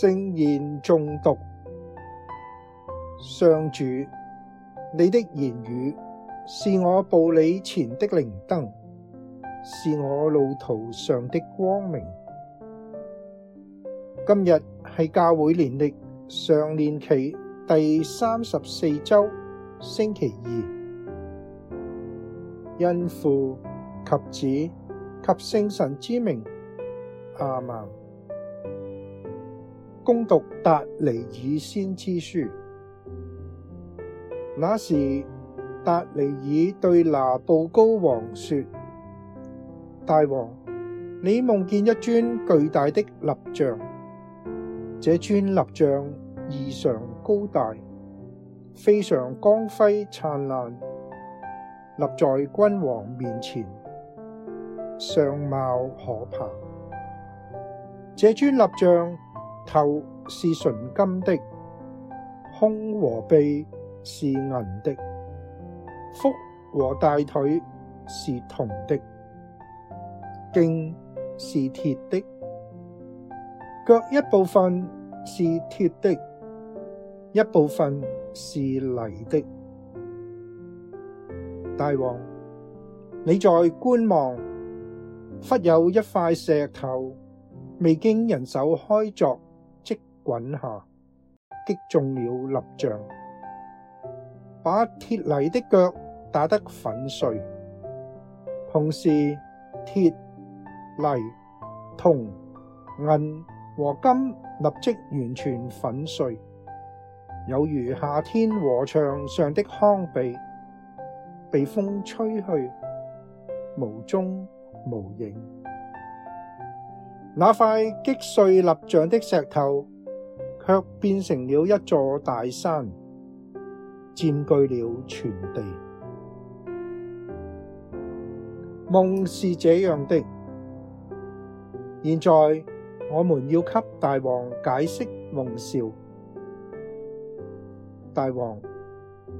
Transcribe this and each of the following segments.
聖言誦讀。上主，你的言語是我步履前的靈燈，是我路途上的光明。今日係教會年曆常年期第三十四周，星期二。因父及子及聖神之名，阿門。恭讀達尼爾先知書，那時達尼爾對拿步高王說：大王，你夢見一尊巨大的立像，這尊立像異常高大，非常光輝燦爛，立在君王面前，相貌可怕。這尊立像。頭是純金的，胸和臂是銀的，腹和大腿是銅的，脛是鐵的，腳一部分是鐵的，一部分是泥的。大王，你在觀望，忽有一塊石頭，未經人手開鑿。滾下，擊中了立像，把鐵泥的腳打得粉碎，同時鐵、泥、銅、銀和金立即完全粉碎，有如夏天禾場上的糠秕，被風吹去，無蹤無影。那塊擊碎立像的石頭。卻變成了一座大山，佔據了全地。夢是這樣的，現在我們要給大王解釋夢兆。大王，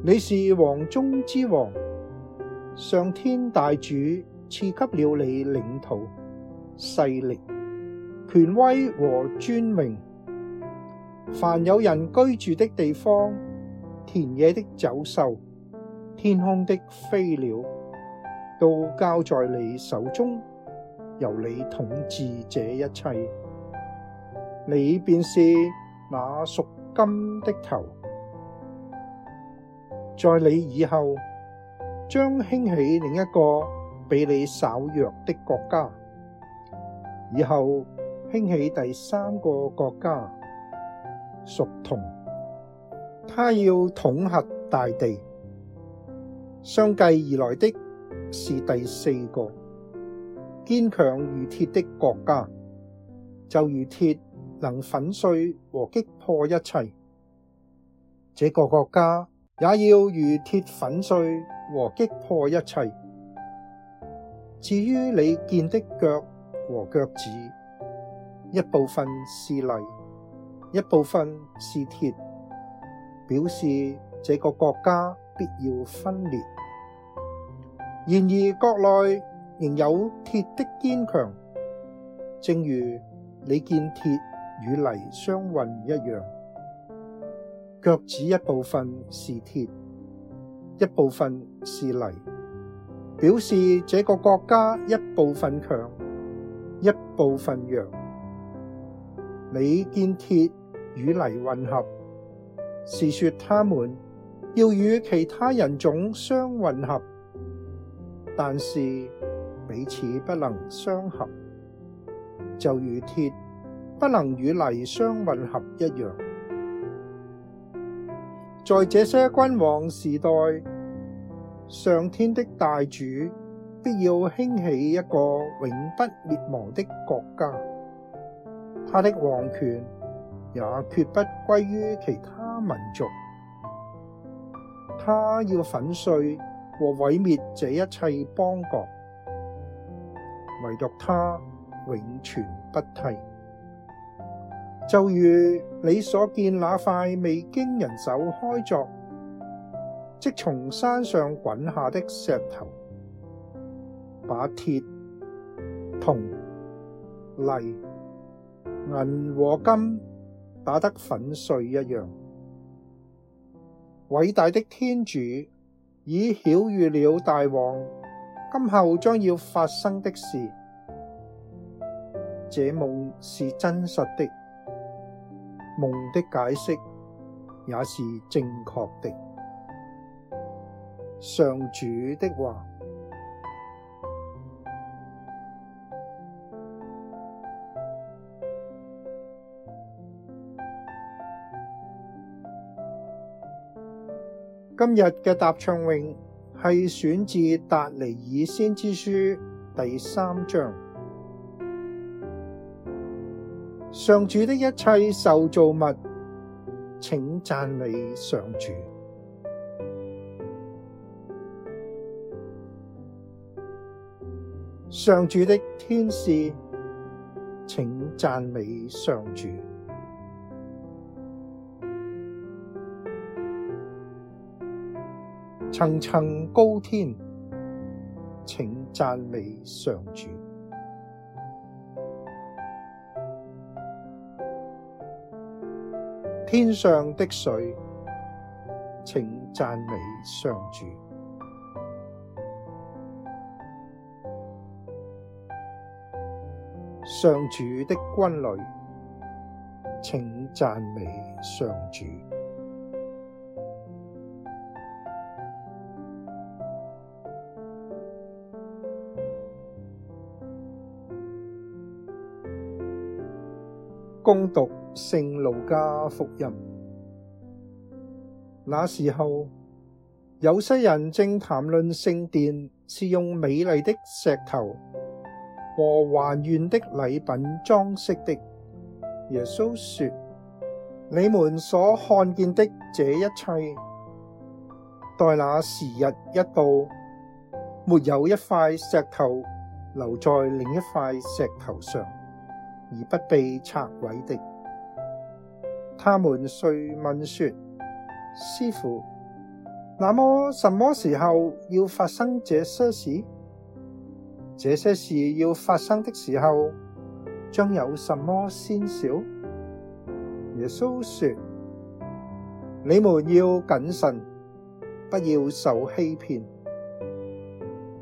你是王中之王，上天大主賜給了你領土、勢力、權威和尊榮。凡有人居住的地方，田野的走獸、天空的飛鳥，都交在你手中，由你統治這一切。你便是那屬金的頭，在你以後將興起另一個比你稍弱的國家，以後興起第三個國家。屬銅，他要統合大地。相繼而來的是第四個，堅強如鐵的國家，就如鐵能粉碎和擊破一切，這個國家也要如鐵粉碎和擊破一切。至於你見的腳和腳趾，一部分是泥。一部分是鐵，表示這個國家必要分裂。然而國內仍有鐵的堅強，正如你見鐵與泥相混一樣。腳趾一部分是鐵，一部分是泥，表示這個國家一部分強，一部分弱。你見鐵與泥混合，是說他們要與其他人種相混合，但是彼此不能相合，就如鐵不能與泥相混合一樣。在這些君王時代，上天的大主必要興起一個永不滅亡的國家，他的王權。也決不歸於其他民族。他要粉碎和毀滅這一切邦國，唯獨他永存不替。就如你所見那塊未經人手開鑿，即從山上滾下的石頭，把鐵、銅、泥、銀和金，打得粉碎一樣，偉大的天主已曉諭了大王今後將要發生的事。這夢是真實的，夢的解釋也是正確的。上主的話。今日嘅答唱詠係選自《達尼爾先知書》第三章。上主的一切受造物，請讚美上主。上主的天使，請讚美上主。層層高天，請讚美上主。天上的水，請讚美上主。上主的軍旅，請讚美上主。恭讀聖路加福音。那時候，有些人正談論聖殿是用美麗的石頭和還願的禮品裝飾的。耶穌說：你們所看見的這一切，待那時日一到，沒有一塊石頭留在另一塊石頭上。而不被拆毀的。他們遂問說：師傅，那麼什麼時候要發生這些事？這些事要發生的時候，將有什麼先兆？耶穌說：你們要謹慎，不要受欺騙，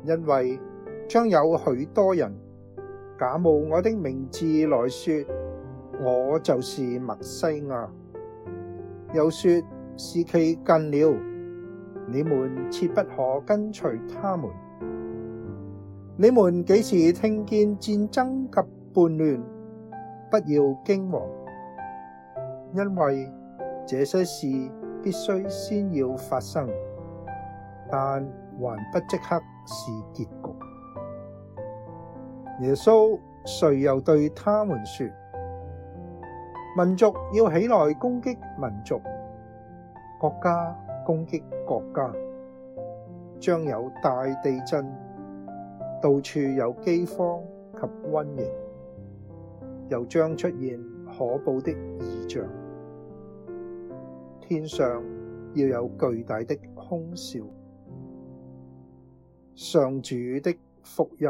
因為將有許多人。假冒我的名字來說，我就是默西亞。又說，時期近了，你們切不可跟隨他們。你們幾時聽見戰爭及叛亂，不要驚惶，因為這些事必須先要發生，但還不即刻是結局。耶穌，遂又對他們說：民族要起來攻擊民族，國家攻擊國家，將有大地震，到處有饑荒及瘟疫，又將出現可怖的異象，天上要有巨大的凶兆。上主的福音。